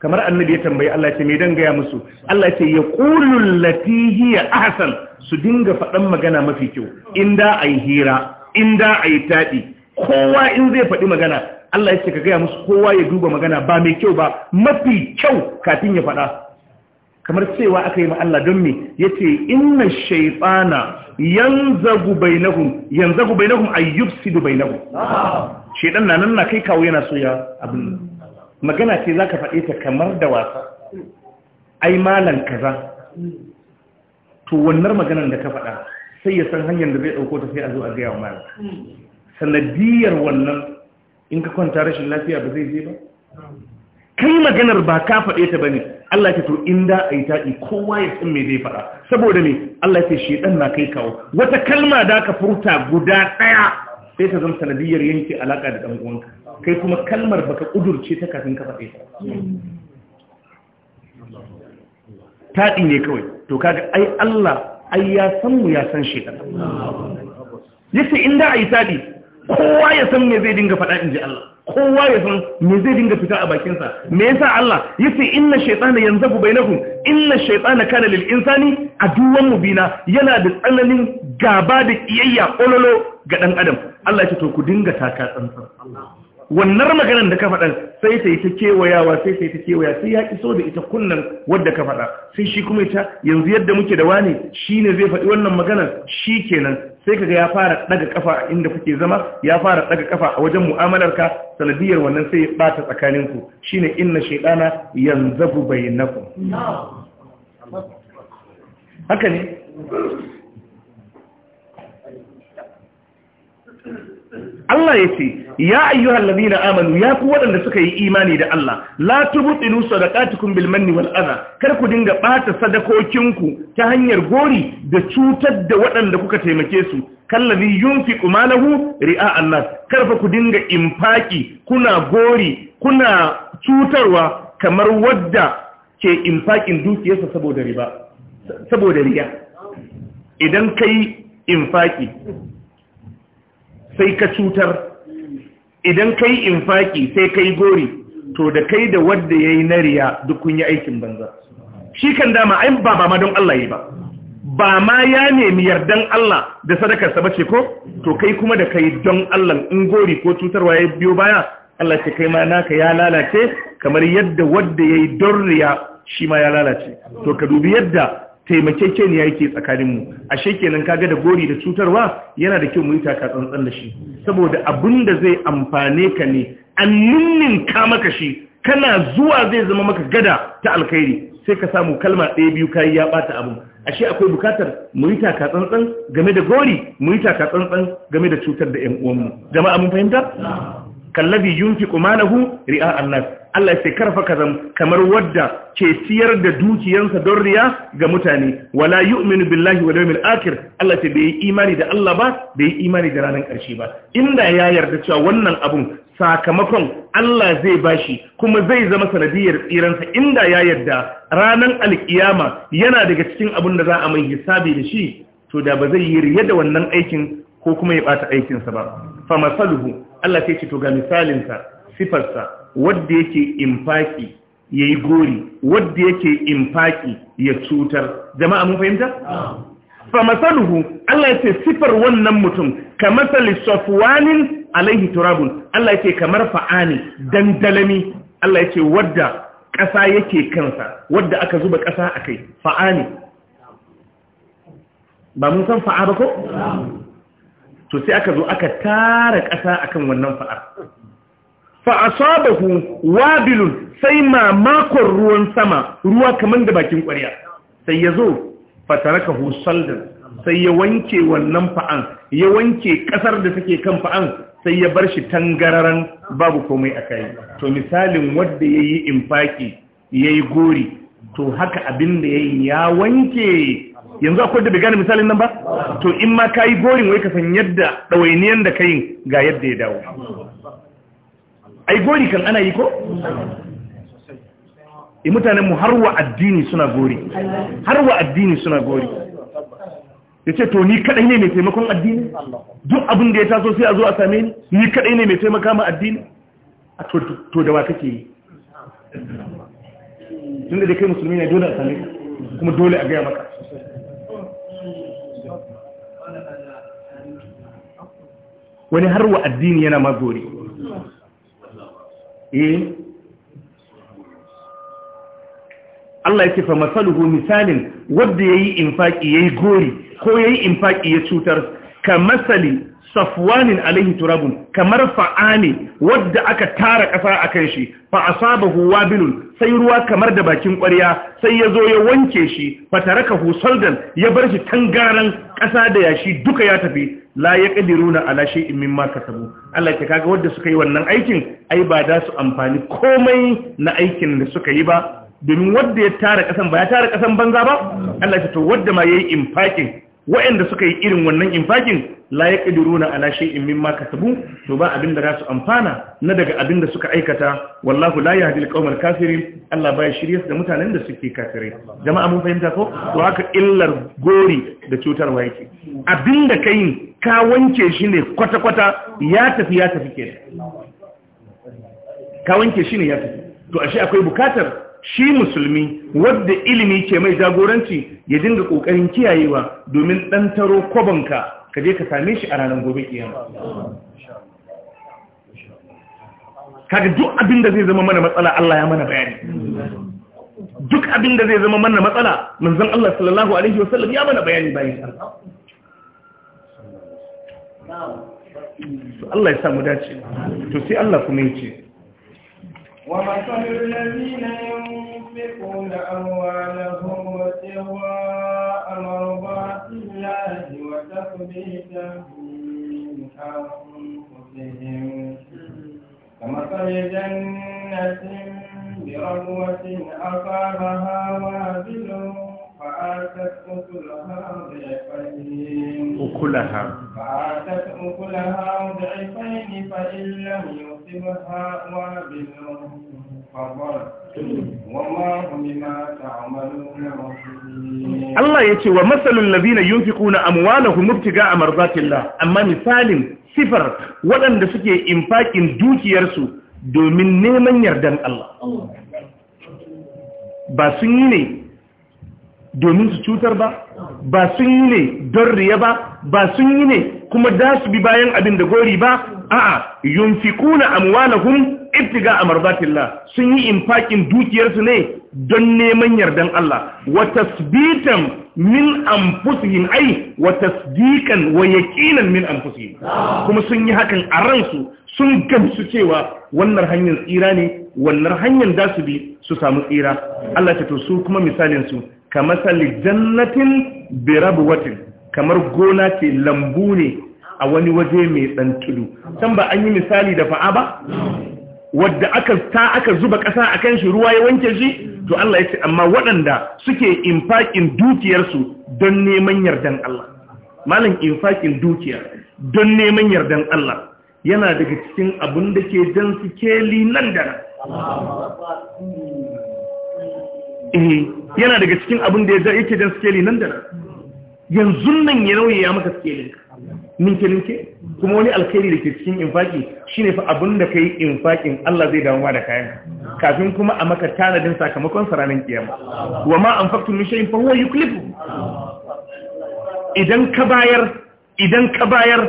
A: kamar annabi ya tambayi Allah ce me dan gaya musu Allah ce ya lati hiya ahsan su dinga faɗan magana mafi kyau inda ai hira inda ai tadi kowa in zai faɗi magana Allah ya ce ka gaya musu kowa ya duba magana ba mai kyau ba mafi kyau kafin ya faɗa kamar cewa aka yi ma Allah don me yace inna shaytana yanzagu bainahum yanzagu bainahum ayyufsidu bainahum ah. shedan nan na kai kawo yana so ya abin magana ce za ka faɗe ta kamar da wasa ai malan kaza to wannan maganar da ka faɗa sai ya san hanyar da zai ɗauko ta sai a zo a gaya wa malan sanadiyar wannan in ka kwanta rashin lafiya ba zai je ba kai maganar ba ka faɗe ta bane Allah ya to inda a yi taɗi kowa ya san me zai faɗa saboda me Allah ya ce shedan na kai kawo wata kalma da ka furta guda ɗaya sai ta zama sanadiyar yanke alaka da ɗan uwanka kai kuma kalmar baka kudurce ta kafin ka faɗe ta taɗi ne kawai to kaga ai Allah ai ya san mu ya san shekar yace inda ai taɗi kowa ya san me zai dinga faɗa inji Allah kowa ya san me zai dinga fita a bakinsa me yasa Allah yace inna shaytana yanzafu bainakum inna shaytana kana lil insani aduwwan mubina yana da tsananin gaba da kiyayya kololo ga dan adam Allah ya ce to ku dinga taka tsantsan Allah wannan maganar da ka faɗa sai ta yi ta kewayawa sai ta yi ta kewaya sai ya iso da ita kunnan wadda ka faɗa sai shi kuma ita yanzu yadda muke da wani shi ne zai faɗi wannan maganar shi kenan sai kaga ya fara ɗaga kafa inda kuke zama ya fara ɗaga kafa a wajen mu'amalar ka sanadiyar wannan sai ya ɓata tsakaninku shine inna shaytana yanzabu bainakum haka ne Allah ya ce, Ya ayyuhal na amanu ya ku waɗanda suka yi imani da Allah, la tubtilu sadaqatukum bil wal'aza kar ku dinga ɓata sadakokinku ta hanyar gori da cutar da waɗanda kuka taimake su, kallazi fi malahu ri'a Allah. karfa ku dinga infaki, kuna gori, kuna cutarwa kamar wadda ke infakin dukiyarsa saboda riba, saboda riya. Idan kai infaki, sai ka cutar idan kai infaki sai kai gori to da kai da wadda ya yayi nariya duk kun yi aikin banza shi kan dama ai ba ba ma don Allah yi ba ba ma ya nemi yardan Allah da sadakarsa ba ce ko to kai kuma da kai don Allah in gori ko cutarwa ya biyo baya Allah ce kai ma naka ya lalace kamar yadda wadda ya yi don riya shi ma ya lalace to ka dubi yadda taimakekeniya yake tsakaninmu ashe kenan kaga da gori da cutarwa yana da kyau mu yi taka tsantsan da shi saboda abin da zai amfane ka ne an ninnin ka maka shi kana zuwa zai zama maka gada ta alkhairi sai ka samu kalma ɗaya biyu kayi ya ɓata abin ashe akwai bukatar mu yi taka tsantsan game da gori mu yi taka tsantsan game da cutar da ƴan uwanmu jama'a mun fahimta kallabi yunfiqu malahu ri'a an Allah sai karfa kazam kamar wadda ke siyar da dukiyansa don riya ga mutane wala yu'minu billahi wal yawmil akhir Allah sai bai imani da Allah ba bai imani da ranar karshe ba inda ya yarda cewa wannan abun sakamakon Allah zai bashi kuma zai zama sanadiyar tsiransa inda ya yarda ranar alkiyama yana daga cikin abun da za a mai hisabi da shi to da ba zai yi riya da wannan aikin ko kuma ya bata aikinsa ba fa masaluhu Allah sai ce to ga misalinsa sifarsa wadda yake infaki ya yi gori wadda yake infaki ya cutar jama'a mun fahimta? fa masaluhu Allah ya ce sifar wannan mutum ka masali safwanin alaihi turabun Allah ya ce kamar fa'ani dandalami Allah ya ce wadda ƙasa yake kansa wadda aka zuba ƙasa a kai fa'ani ba mun san fa'a ba ko? to sai aka zo aka tara ƙasa akan wannan fa'ar fa'asabahu wabilun sai mamakon ruwan sama ruwa kaman da bakin ƙwarya sai yazo zo fatarakahu saldan sai ya wanke wannan fa'an ya wanke ƙasar da take kan fa'an sai ya bar shi tangararan babu komai a kai to misalin wanda ya yi infaki ya yi gori to haka abin da ya yi ya wanke yanzu akwai da bai gane misalin nan ba to in ma kayi gorin borin wai ka san yadda ɗawainiyar da ka yi ga yadda ya dawo ai gori kan ana yi ko i eh, mutanen mu har wa addini suna gori har wa addini suna gori ya ce to ni kadai ne mai taimakon addini duk abin da ya taso sai a zo a same ni ni kadai ne mai taimaka ma addini a to da wa kake yi tunda da kai musulmi ne dole a same ka kuma dole a gaya maka wani har wa addini yana magori eh Allah ya ce fa masaluhu misalin wanda yayi infaki yayi gori ko yayi infaki ya cutar ka masali safwanin alaihi turabun kamar fa'ani wadda aka tara ƙasa a kan shi fa huwa wabilun sai ruwa kamar da bakin ƙwarya sai ya zo ya wanke shi fa tarakahu saldan ya bar shi tangaran ƙasa da yashi duka ya tafi la yaqdiruna ala shay'in mimma kasabu Allah ya kaga wadda suka yi wannan aikin ai ba da su amfani komai na aikin da suka yi ba domin wadda ya tara ƙasan ba ya tara ƙasan banza ba Allah ya to wadda ma yayi infakin wa'anda suka yi irin wannan infakin la na ala shay'in mimma kasabu to ba abin da zasu amfana na daga abin da suka aikata wallahu la yahdil qawmal kafirin Allah baya shirye da mutanen da suke kafire jama'a mun fahimta ko to haka illar gori da cutar yake abin da kai ka wanke shi ne kwata kwata ya tafi ya tafi kenan ka wanke shi ne ya tafi to ashe akwai bukatar shi musulmi wadda ilimi ke mai jagoranci ya dinga kokarin kiyayewa domin dan taro kwabanka ka je ka same shi a ranar gobe kiyama kaga duk abin da zai zama mana matsala Allah ya mana bayani duk abin da zai zama mana matsala manzon Allah sallallahu alaihi wasallam ya mana bayani bayan
C: Allah ya samu dace
A: to sai Allah kuma yace
B: ومثل الذين ينفقون أموالهم ابتغاء مرضات الله وتثبيتا من أنفسهم كمثل جنة بربوة أصابها وابل فآتت أكلها ضعفين أكلها فآتت أكلها ضعفين فإن لم يصبها وابل فضل
A: Allah ya ce wa matsalin labina yin fi kuna amwalahu mubtiga a marzatillah amma misalin sifar waɗanda suke infakin dukiyarsu domin neman yardan Allah. Ba sun yi ne domin su cutar ba, ba sun yi ne don riya ba, ba sun yi ne kuma da su bi bayan abin da gori ba a'a yunfikuna amwalahum ibtiga amardatillah sun yi infakin dukiyarsu ne don neman yardan Allah wa tasbitan min anfusihim ai wa tasdiqan wa yaqinan min anfusihim kuma sun yi hakan a ransu sun gamsu cewa wannan hanyar tsira ne wannan hanyar da su bi su samu tsira Allah ta to su kuma misalin su kamasalin jannatin bi kamar gona ce lambu ne a wani waje mai tsantulu can ba an yi misali da fa'a ba wadda aka ta aka zuba ƙasa akan shi ruwa ya wanke shi to Allah ya ce amma waɗanda suke infakin dukiyarsu don neman yardan Allah malam infakin dukiya don neman yardan Allah yana daga cikin abin da ke jan su keli nan da nan eh, yana daga cikin abin da yake jan su keli nan da nan yanzu nan ya nauye ya maka suke ninke-ninke kuma wani alkhairi da ke cikin infaki shine fa abin da kai infakin Allah zai dawo da kayan kafin kuma a maka tanadin sakamakon saranin kiyama wa ma anfaqtum min shay'in fa huwa yuklifu idan ka bayar idan ka bayar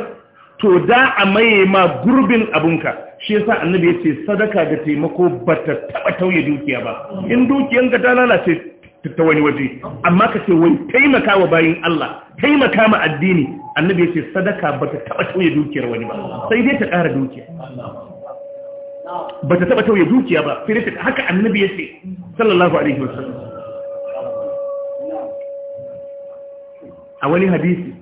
A: to da a maye ma gurbin abunka shi yasa annabi ya ce sadaka ga taimako bata taba tauye dukiya ba in dukiyanka ta lalace ta wani waje amma ka ce wai taimaka wa bayin Allah taimaka ma addini annabi ya ce sadaka ba ta taɓa tauye dukiyar wani ba sai dai ta ƙara dukiya ba ta taɓa tauye dukiya ba sai dai ta haka annabi ya ce sallallahu alaihi wa sallam. a wani hadisi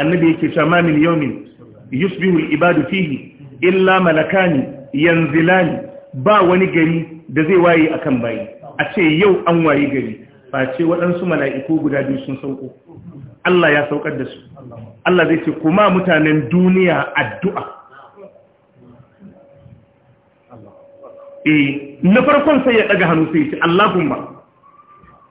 A: annabi yake cewa ma min yawmin yusbihu ibadu fihi illa malakani yanzilani ba wani gari da zai waye akan bayi a ce yau an wayi gari ba ce waɗansu mala'iku guda biyu sun sauko Allah ya saukar da su Allah zai ce kuma mutanen duniya addu'a e na farkon sai ya ɗaga hannu sai ce ba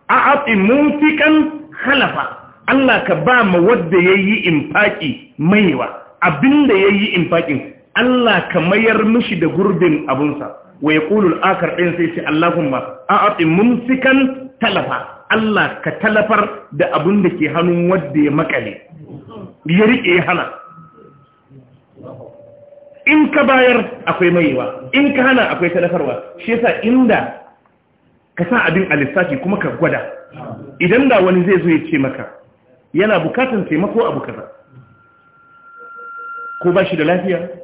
A: a afi mumfikan halafa Allah ka ba ma wadda ya yi infaƙi maiwa abinda ya yi infaƙin Allah ka mayar mishi da gurbin abunsa wa ya al-akhar din sai ce Allahumma mun sikan talafa Allah ka talafar da abin da ke hannun wadda ya makale ya rike ya hana in ka bayar akwai maiwa in ka hana akwai talafarwa shi yasa inda ka sa abin a lissafi kuma ka gwada idan da wani zai zo ya ce maka yana bukatan taimako abu kaza ko ba shi da lafiya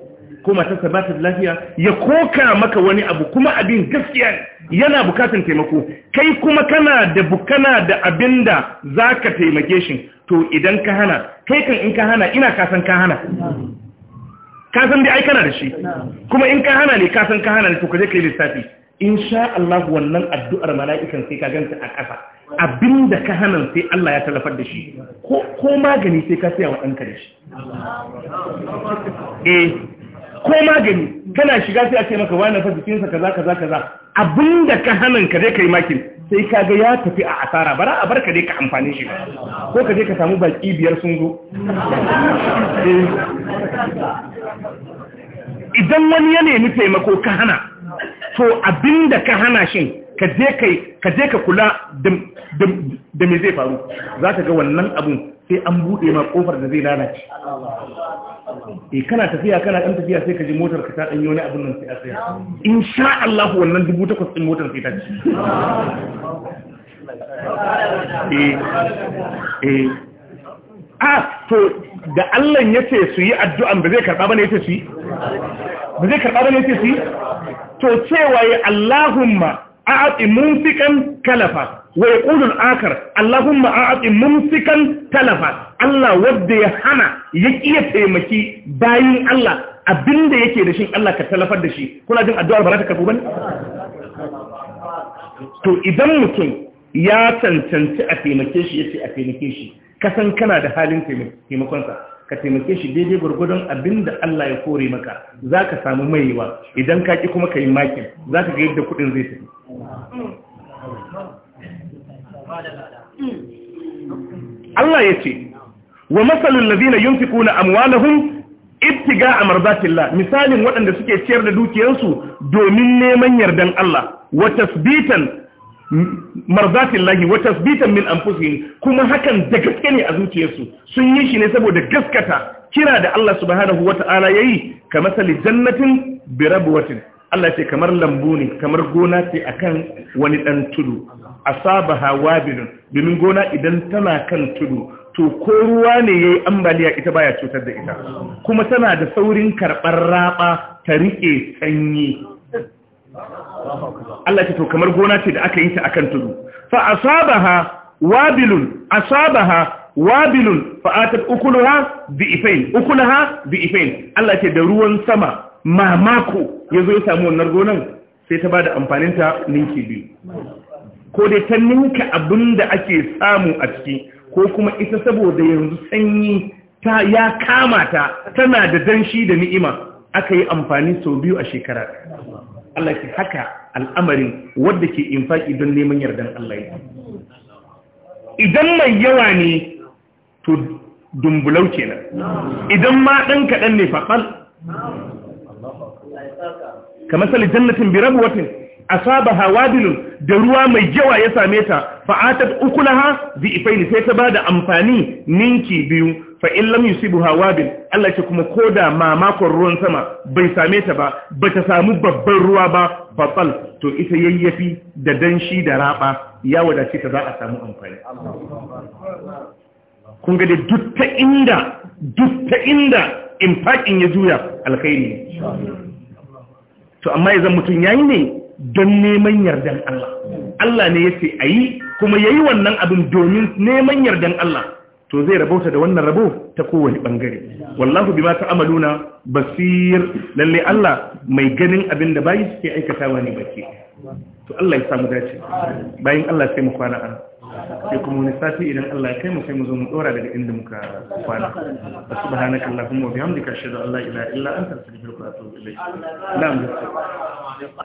A: ko sa ba ta da lafiya ya koka maka wani abu kuma abin gaskiya yana bukatan taimako kai kuma kana da bukana da abin da za ka taimake shi to idan ka hana kai kan in ka hana ina kasan ka hana kasan da ai kana da shi kuma in ka hana ne kasan ka hana ne to ka je ka yi lissafi in Allah wannan addu'ar mala'ikan sai ka ganta a ƙasa da ka hana sai Allah ya talafar da shi ko magani sai ka saya wa ɗanka da shi eh ko magani kana shiga sai a ce maka wani fa jikinsa kaza kaza kaza abinda ka hanan ka je kai makin sai ka ga ya tafi a asara bara a barka dai ka amfane shi ko ka je ka samu baki biyar sun zo eh. idan wani ya nemi taimako ka hana to abinda ka hana shin ka je ka kula da me zai faru za ka ga wannan abun sai an buɗe ma ƙofar da zai lalace e kana tafiya kana ɗan tafiya sai ka ji motar ka ta ɗan yi wani abin nan sai a tsaya in sha Allah wannan dubu takwas ɗin motar sai ta ci eh, eh. a to da Allah ya ce su yi addu'an ba zai karɓa ba ne ya su yi ba zai karɓa ba ne ya su yi to cewa ya Allahumma a'ti munfiqan kalafa wa yaqulu al-akhar Allahumma a'ti mumsikan talafa Allah wanda ya hana ya iya taimaki bayin Allah abinda yake da shi Allah ka talafar da shi kuna jin addu'ar ba za ta ba bane to idan mutum ya cancanci a taimake shi yace a taimake shi kasan kana da halin taimakonsa ka taimake shi daidai gwargwadon abinda Allah ya kore maka za ka samu maiwa idan ka ƙi kuma ka yi makin za ka ga yadda kuɗin zai
C: tafi Hmm.
A: Allah ya ce wa na masalul ladina yunfikuna amwalahum a amardatillah misalin waɗanda suke ciyar da dukiyarsu domin neman yardan Allah wa tasbitan marzatillahi wa tasbitan min anfusihim kuma hakan da gaske ne a zuciyarsu sun yi shi ne saboda gaskata kira da Allah subhanahu ya yi, ka sali jannatin bi Allah ce kamar lambu ne kamar gona ce akan wani dan tudu asabaha wabilun domin gona idan tana kan tudu to ko ruwa ne yayi ambaliya ita baya cutar da ita kuma tana da saurin karɓar raba ta rike sanyi Allah ce to kamar gona ce da aka yi ta akan tudu fa asabaha wabilun asabaha wabilun fa atat ukulaha bi ifain ukulaha bi ifain Allah ce da ruwan sama mamako yazo ya samu wannan gonan sai ta bada amfanin ta ninki
C: biyu
A: ko dai ta ninka abin da ake samu a ciki ko kuma ita saboda yanzu sanyi ta ya kama ta tana da danshi da ni'ima aka yi amfani sau biyu a shekara Allah ke haka al'amarin wadda ke infaki don neman yardan Allah ya idan mai yawa ne to dumbulau nan idan ma ɗan kaɗan ne faɓal Ka masali jannatin birabu watin asaba wabilun da ruwa mai yawa ya same ta fa'atat ukulaha bi ifaini sai ta bada amfani ninki biyu fa in lam yusibu wabil Allah ce kuma koda mamakon ruwan sama bai same ta ba bata samu babban ruwa ba batal to ita yayyafi da danshi da raba ya wadace ta za a samu amfani kun ga duk ta inda duk ta inda in ya juya alkhairi to amma idan mutum yayi ne don neman yardan Allah Allah ne ya ce a yi kuma ya yi wannan abin domin neman yardan Allah to zai rabauta da wannan rabo ta kowane bangare wallahu ta ta'amaluna basir lalle Allah mai ganin abin da bayi suke aikatawa ne baki to Allah ya samu dace bayan Allah sai mu kwana an sai kuma wani sati idan Allah ya kai mu sai mu zo mu dora daga inda muka kwana subhanaka allahumma wa bihamdika ashhadu an la ilaha illa anta astaghfiruka wa atubu ilayk
C: na'am